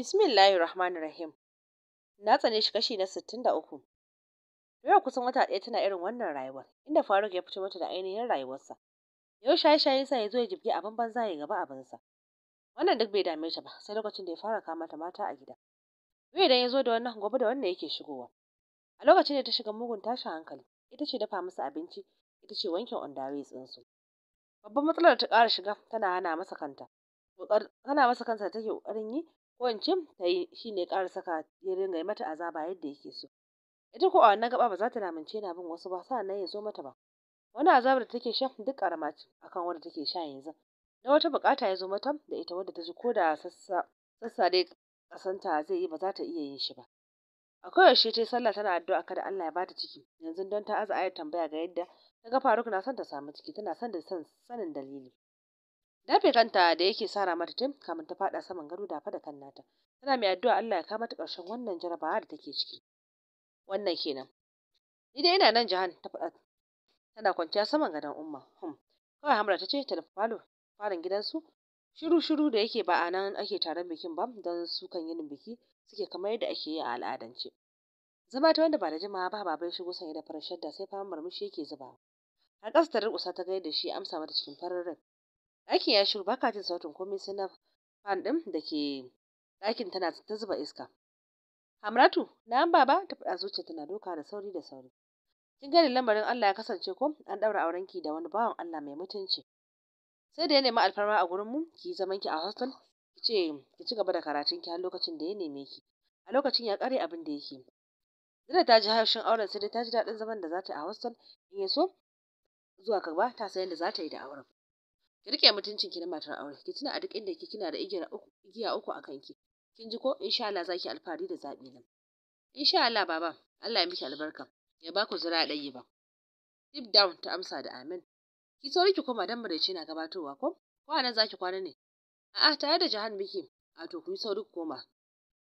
Bismillahir Rahmanir Rahim. Na tsane shi kashi na 63. Yau kusan wata ɗaya tana irin wannan rayuwar, inda Faruk ya fito mata da ainihin rayuwarsa. Yau shaye-shaye sa ya zo ya jibge abin banza ya gaba sa. Wannan duk bai dame shi ba, sai lokacin da ya fara kama ta mata a gida. Yau idan ya zo da wannan gobe da wannan yake shigowa. A lokacin da ta shiga mugun tashin hankali, ita ce dafa musu abinci, ita ce wanke ondaris ɗinsu. Babban matsalar ta ƙara shiga tana hana masa kanta. Tana masa kanta take ƙoƙarin yi Huwancin ta yi shi ne ƙara saka ya dinga yi mata azaba yadda yake so. Ita ko a wannan gaba ba za ta lamince yana bin wasu ba nan ya zo mata ba. Wani azabar da take sha duk ƙarama ce akan ta take sha yanzu. Na wata buƙata ya zo mata da ita wadda ta ji ko da sassa sassa dai kasanta zai yi ba za ta iya yin shi ba. A koyaushe ta yi sallah tana addu'a kada Allah ya bata ciki yanzu don ta aza ayar tambaya ga yadda ta ga Faruk na son ta samu ciki tana son da sanin dalili. dafe kanta da yake sara mata tun kamin ta fada saman gado da fada kan nata tana mai addu'a Allah ya kama ta ƙarshen wannan jarabawa da take ciki wannan kenan ni dai ina nan jahan ta fada tana kwanciya saman gadon umma hum kawai hamra ta ce ta da falo farin gidansu shiru shiru da yake ba a nan ake taron bikin ba don su kan yin biki suke kamar yadda ake yi a al'adance zama ta wanda ba da jimawa ba baban shigo sanye da farashar da sai faman murmushi yake zuba har ƙasa ta durƙusa ta gaida shi amsa mata cikin farin rai Dakin ya shiru baka jin sautin komai sai na fan ɗin da ke ɗakin tana ta zuba iska Hamratu na baba ta faɗa zuciya tana doka da sauri da sauri kin gani lamarin Allah ya kasance ko an ɗaura aurenki da wani bawan Allah mai mutunci sai da ya nemi alfarma a gurin mu ki zaman ki a hostel ki ce ki ci gaba da karatun ki har lokacin da ya neme ki a lokacin ya ƙare abin da yake Zina ta ji haushin auren sai dai ta ji daɗin zaman da za ta yi a hostel in ya so zuwa gaba ta san yadda za ta yi da auren ki rike mutuncin ki na matar aure ki tuna a duk inda ki kina da igiya uku igiya uku a kanki kin ji ko insha Allah zaki alfari da zabi nan insha Allah baba Allah ya miki albarka ya baku zura ɗayi ba deep down ta amsa da amin ki sauri ki koma dan madace na gabatowa ko ko anan zaki kwana ne a'a tare da jahan miki a to ku yi ku koma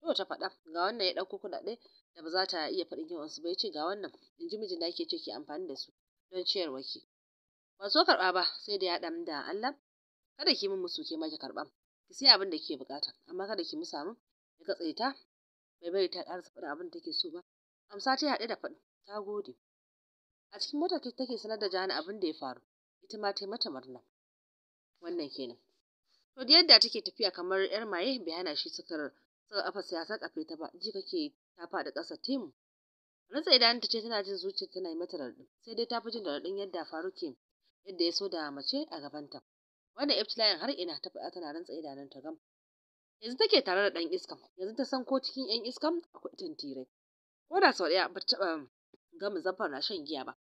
to ta faɗa ga wannan ya ɗauko kuɗaɗe da ba za ta iya faɗin yawansu, bai ba ya ce ga wannan in ji mijin da ke ce ki amfani da su don ciyarwa ki ban so karɓa ba sai da ya ɗan da Allah kada ki min musu ke ma ki karɓa ki sai abin da kike bukata amma kada ki musa min ya katse ta bai bari ta ƙarasa faɗin abin da take so ba amsa ta haɗe da faɗi ta gode a cikin motar take sanar da jani abin da ya faru ita ma ta mata murna wannan kenan to da yadda take tafiya kamar yar maye bai hana shi suka suka kafa siyasar kafe ta ba ji kake ta faɗi ƙasa temu rantsa idan ta ce tana jin zuciya tana yi mata raɗi sai dai ta fi jin raɗin yadda faru ke yadda ya so da mace a gabanta wannan iftila'in har ina ta faɗa tana rantsa ta gam yanzu take tare da ɗan iskan yanzu ta san ko cikin ƴan iskan akwai tantirai ko da sau ɗaya ba ta taɓa ga muzaffar na shan giya ba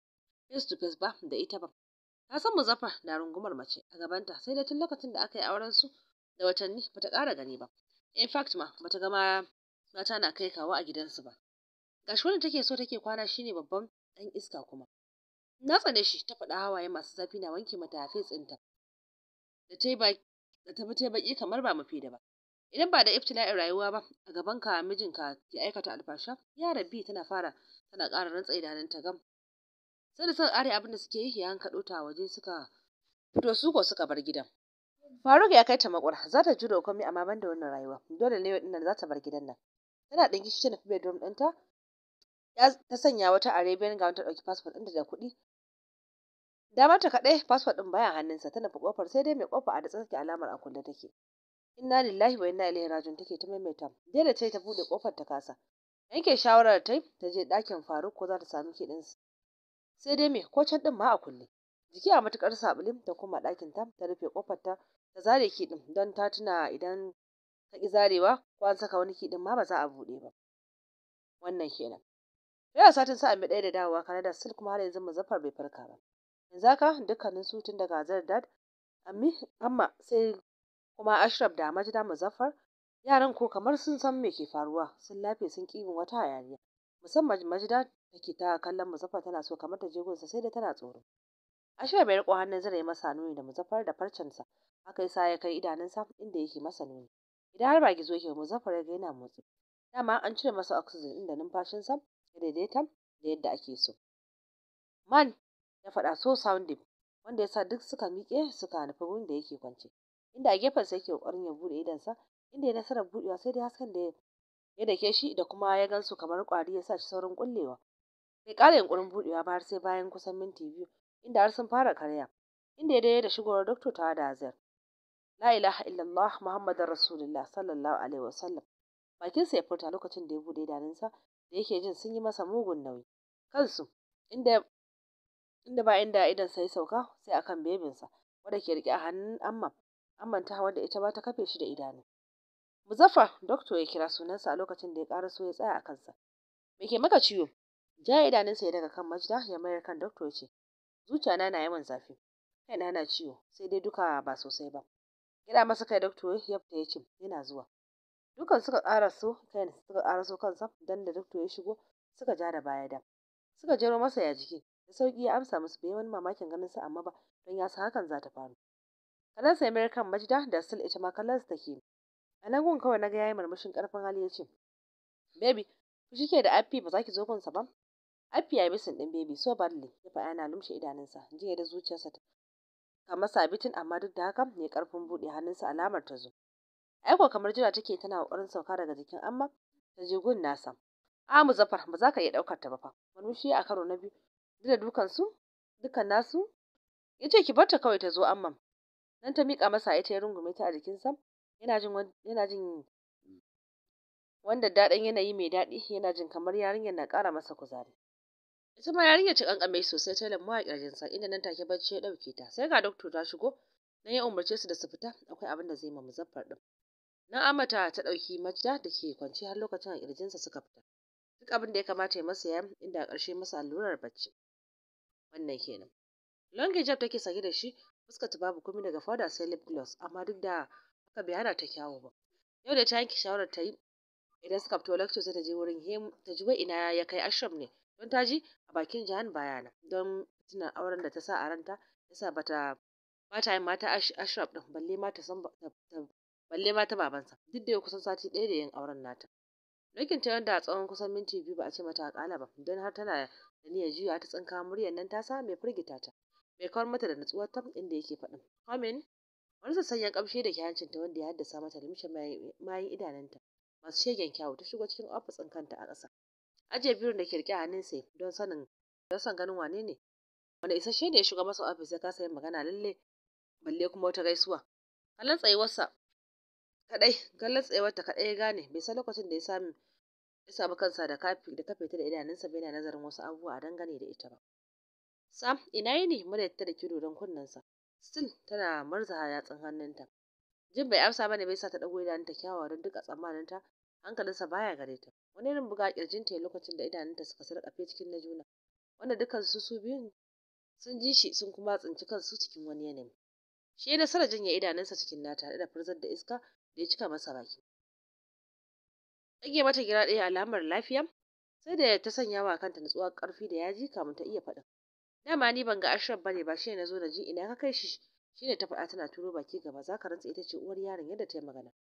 face to face ba da ita ba ta san muzaffar na rungumar mace a gabanta sai da tun lokacin da aka yi auren su da watanni ba ta ƙara gani ba in fact ma ba ta gama mata na kai kawo a gidansu ba gashi wanda take so take kwana shine babban ɗan iska kuma na tsane shi ta faɗa hawaye masu zafi na wanke mata hafi tsinta da ta yi da ta ta baki kamar ba mafi da ba idan ba da ibtila'in rayuwa ba a gaban ka mijinka ya aikata alfasha ya rabbi tana fara tana ƙara rantsa idanun ta gam sai da suka are abin da suke yi ya hankaɗo ta waje suka fito su ko suka bar gidan Faruk ya kai ta makwar za ta jure komai amma ban da wannan rayuwa dole ne wannan za ta bar gidan nan tana ɗinki shi ta nufi bedroom ɗinta ta sanya wata Arabian gown ta ɗauki passport ɗinta da kuɗi damar ta kaɗai fasfo ɗin bayan hannunsa tana fi kofar sai dai mai kofa a da tsarki alamar a kulle take inna lillahi wa inna ilaihi rajiun take ta maimaita dai da ta ta buɗe kofar ta kasa yanke shawarar ta ta je ɗakin faruk ko za ta sami kiɗin sai dai mai ko ɗin ma a kulle jiki a matukar sabulin ta koma ɗakin ta ta rufe kofar ta ta zare kiɗin don ta tuna idan ta ƙi zarewa ko an saka wani kiɗin ma ba za a buɗe ba wannan kenan Yau satin sa'a mai ɗaya da dawowa Sil kuma har yanzu Muzaffar bai farka ba. yanzu haka dukkanin su tun daga Zardad Ammi Amma sai kuma Ashraf da Majida Muzaffar yaran ko kamar sun san me ke faruwa sun lafe sun yin wata hayaniya musamman Majida take ta kallon Muzaffar tana so kamar ta je gunsa sai dai tana tsoro Ashraf bai riko hannun zai masa nuni da Muzaffar da farcensa haka yi sa ya kai idanunsa inda yake masa nuni idan har ba gizo yake Muzaffar ya ga yana motsi dama an cire masa oxygen inda numfashinsa ya daidaita da yadda ake so man ya faɗa so sounding wanda ya sa duk suka miƙe suka nufi wurin da yake kwance inda a gefen sa yake kokarin ya buɗe idonsa inda ya nasarar buɗewa sai dai hasken da ya dake shi da kuma ya gansu kamar kwari ya sa shi saurin kullewa bai ƙara yunƙurin buɗewa ba har sai bayan kusan minti biyu inda har sun fara karya inda ya daidai da shigowar doctor ta da azar la ilaha illallah muhammadar rasulullah sallallahu alaihi wasallam sa ya furta lokacin da ya buɗe idanunsa da yake jin sun yi masa mugun nauyi kansu inda inda ba inda sa ya sauka sai akan bebinsa wanda ke rike a hannun amman amman ta wanda da ita ba ta kafe shi da idanu muzaffar doctor ya kira sunansa a lokacin da ya so ya tsaya a kansa me ke maka ciwo ja idanunsa ya daga kan majda ya mayar kan doctor ya ce zuciya na na yawan zafi kaina na ciwo sai dai duka ba sosai ba gida masa kai doctor ya fita ya ce yana zuwa dukan suka karaso kayan suka karaso kansa dan da doctor ya shigo suka ja da baya da suka jero masa ya jiki da sauki ya amsa musu bai wani mamakin ganin su amma ba don ya san hakan za ta faru kallon sa mayar kan majida da sil ita ma kallon ta take a nan gun kawai naga yayi murmushin karfin hali yace baby ku shike da affi ba za ki zo gunsa ba affi ya bisin din baby so badly ya faɗa yana lumshe idanunsa jiya da zuciyarsa ta kama sabitin amma duk da haka ne karfin buɗe hannunsa alamar ta zo aiko kamar jira take tana kokarin sauka daga jikin amma ta je gun nasa a muzaffar ba za ka iya ɗaukar ta ba fa murmushi a karo na biyu duk da dukansu dukan nasu ya ce ki barta kawai ta zo amman nan ta miƙa masa ita ya rungume ta a jikinsa yana jin yana jin wanda daɗin yanayi mai daɗi yana jin kamar yarinyar na ƙara masa kuzari ita ma yarinyar ta ƙanƙame sosai ta lamu a ƙirjinsa inda nan take bacci ya ɗauke ta sai ga doktor ta shigo nan ya umarce su da su fita akwai abin da zai ma muzaffar ɗin nan amata ta ɗauki majda da ke kwance har lokacin a ƙirjinsa suka fita duk abin da ya kamata ya masa ya inda a ƙarshe masa allurar barci. wannan kenan long hijab take sake da shi fuskar ta babu komai daga fada sai lip gloss amma duk da haka bai hana ta kyawu ba yau da ta yanke shawarar ta yi idan suka fito lecture sai ta je wurin hemu ta ji ina ya kai ashram ne don ta ji a bakin jahan bayana don tuna auren da ta sa a ranta yasa bata ba ta yin mata ashram din balle ma ta san balle ma ta babansa duk da kusan sati ɗaya da yin auren nata Lokin ta yanda a tsawon kusan minti biyu ba a ce mata a akala ba don har tana da niyyar juya ta tsinka muryar nan tasa mai firgita ta mai kawar mata da nutsuwar ta inda yake faɗin Kwamin. wani ya kamshe da ke hancinta wanda ya haddasa mata limshe mayin idanunta masu shegen kyawu ta shigo cikin ofis ɗin kanta a ƙasa ajiye biyun da ke hannun hannunsa don sanin don san ganin wane ne wanda isasshe da ya shiga masa ofis ya kasa yin magana lalle balle kuma wata gaisuwa kallon tsayuwarsa kadai kallon tsayuwarta kadai ya gane bai san lokacin da ya sami ya samu kansa da kafi da kafe ta da idanunsa bai na nazarin wasu abubuwa a dangane da ita ba sam ina yi ne, ta da kido don kunnensa still tana murzaha yatsun hannunta jin bai amsa bane bai sa ta dago idanunta kyawawa don duka tsammaninta hankalinsa baya gare ta wani irin buga kirjinta ya lokacin da idanunta suka sarƙafe cikin na juna wanda dukan su su biyun sun ji shi sun kuma tsinci kansu cikin wani yanayi shi ya nasara janye idanunsa cikin nata da furzar da iska da ya cika masa baki Tsage mata gida ɗaya alamar lafiya, sai da ta sanya wa kanta nutsuwa ƙarfi da yaji kamun ta iya faɗin. Dama ni ban ga Ashraf bane ba shine nazo na ji ina ka kai shi shine ta faɗa tana turo baki gaba za ka rantsa ita ce uwar yaron yadda ta yi magana.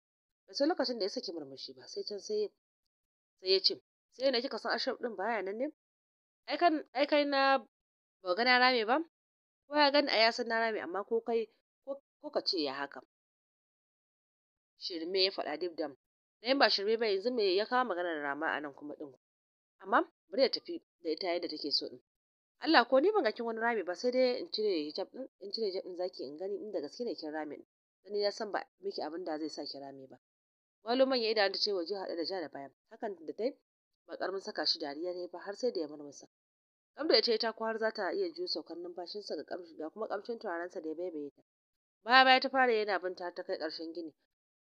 Bai sai lokacin da ya saki murmushi ba sai can sai sai ya ce sai na kika san Ashraf din baya nan ne? Ai kai na ba ga na rame ba? Ko ya gani a yasan na rame amma ko kai ko ka ce ya haka. Shirme ya faɗa dibdam dan ba shirme ba yanzu me ya kawo maganar rama a nan kuma din amma bari ya tafi da ita yadda take so din Allah ko ni ban ga kin wani rami ba sai dai in cire hijab din in cire hijab din zaki in gani inda gaske ne kin rami dan ya san ba miki abin da zai sa ki rami ba walo man ya ida ta ce waje hada da ja da bayan hakan da tai ba karamin saka shi dariya ne ba har sai da ya murmusa kam da ita ta kwar za ta iya juyo saukan numfashinsa ga kamshi ga kuma kamshin turarensa da ya baibaye ta baya baya ta fara yana bin ta ta kai karshen gini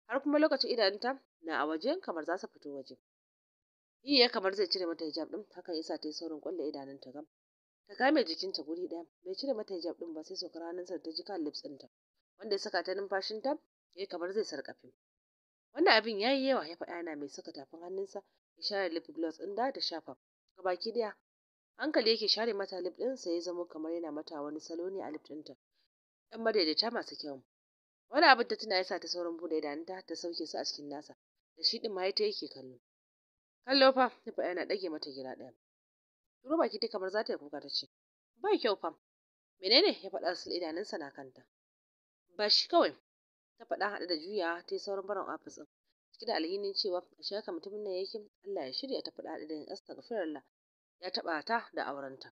har kuma lokacin ta na a waje kamar za su fito waje yi ya kamar zai cire mata hijab din hakan yasa ta yi saurin idanun idanunta gam ta kame jikinta guri ɗaya bai cire mata hijab din ba sai saukar sa ta ji kan lips ɗinta wanda ya saka ta ta ya kamar zai sarƙafe wannan abin ya yi yawa ya faɗa yana mai saka tafin hannunsa ya share lip gloss ɗin da ta shafa baki ɗaya hankali yake share mata lip ɗinsa ya zama kamar yana mata wani salo ne a lip ta ɗan madaidaita masu kyau wani abin ta tuna yasa ta saurin bude idanunta ta sauke su a cikin nasa da shi din ma ita yake kallo kallo fa ta faɗa yana dage mata gira ɗaya turo baki ta kamar za ta yi kuka ta ce ba kyau fa menene ya faɗa su idanunsa na kanta ba shi kawai ta faɗa haɗe da juya ta yi sauran barin ofis din cikin da alhinin cewa a shaka mutumin nan yake Allah ya shirya ta faɗa haɗe da yin astaghfirullah ya taɓa ta da aurenta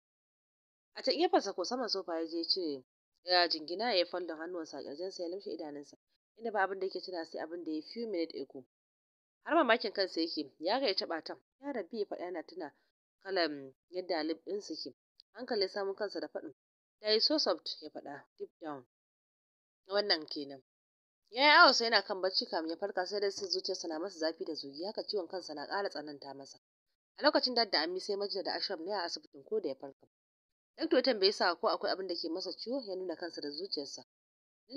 a ta iya fasa ko saman sofa ya je cire ya jingina ya fallon hannuwansa ƙirjinsa ya lumshe idanunsa inda ba abin da yake tuna sai abin da ya few minute ago har mamakin kansa yake ya ga ya taɓa ta ya rabbi ya faɗa yana tuna kalan yadda lip ɗin suke hankalin samu kansa da faɗin ta yi so soft ya faɗa deep down wannan kenan ya yi awa sai yana kan bacci kamin ya farka sai dai zuciyarsa na masa zafi da zugi haka ciwon kansa na ƙara tsananta masa a lokacin da ami sai majida da ashram ne a asibitin ko da ya farka Doctor ya tambaye sa ko akwai abin da ke masa ciwo ya nuna kansa da zuciyarsa.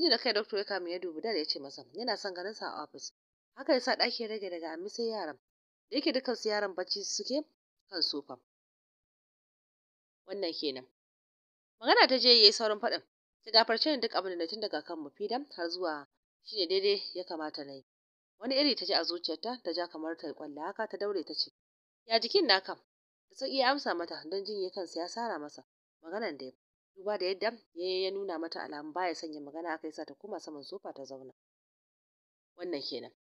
da kai doctor ya kama ya dubi da ya ce masa yana son ganin sa a office. Haka ya sa ɗaki ya rage daga amisa yaran. Da yake dukkan su yaran bacci suke kan sofa. Wannan kenan. Magana ta je yayi saurin faɗin. Ta gafarce ni duk abin da tun daga kan mu fidan har zuwa shine daidai ya kamata na yi. Wani iri ta ji a zuciyarta ta ja kamar ta kwalla haka ta daure ta ce ya jikin naka da sauki ya amsa mata don jin ya kansa ya sara masa maganan da duba da yadda ya nuna mata alamun baya son yin magana aka yasa ta koma saman sofa ta zauna wannan kenan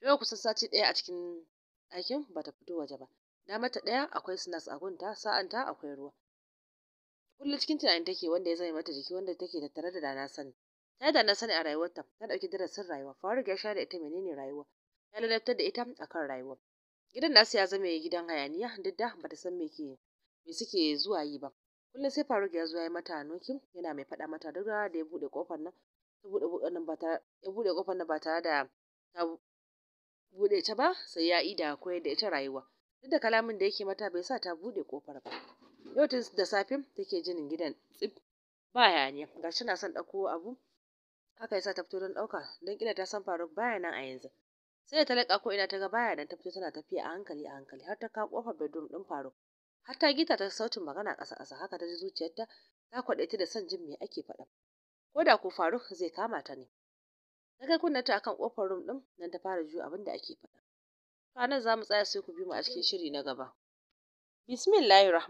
Dole kusan sati ɗaya a cikin ɗakin bata fito waje ba Na mata ɗaya akwai snacks a gunta sa'anta akwai ruwa kullum cikin tunanin take wanda ya zame mata jiki wanda take tare da dana sani ta da na sani a rayuwarta ta ɗauki darasin rayuwa faruk ya share da ita menene rayuwa ya lalatar da ita akan rayuwa gidan nasu ya zame gidan hayaniya duk da bata san me ke me suke zuwa yi ba kullum sai faruk ya zo ya yi mata nokin yana mai faɗa mata duk rana da ya buɗe ƙofar nan ta buɗe ba tare da ta buɗe ta ba sai ya ida koyar da ita rayuwa duk da kalamin da yake mata bai sa ta buɗe ƙofar ba yau tun da safe take jin gidan tsip ba yaniya shi na son ɗauko abu haka yasa ta fito don ɗauka don kila ta san faruk baya nan a yanzu sai da ta laƙa ko ina ta ga baya nan ta fito tana tafiya a hankali a hankali har ta kawo kofar bedroom ɗin faruk har ta gita ta sautin magana ƙasa ƙasa haka ta ji zuciyarta ta kwaɗe ta da son jin me ake faɗa ko da ko Faruk zai kama ta ne Na kai kunnata akan ƙofar rum ɗin nan ta fara juyo abinda da ake faɗa to nan za mu tsaya sai ku bi mu a cikin shiri na gaba bismillahir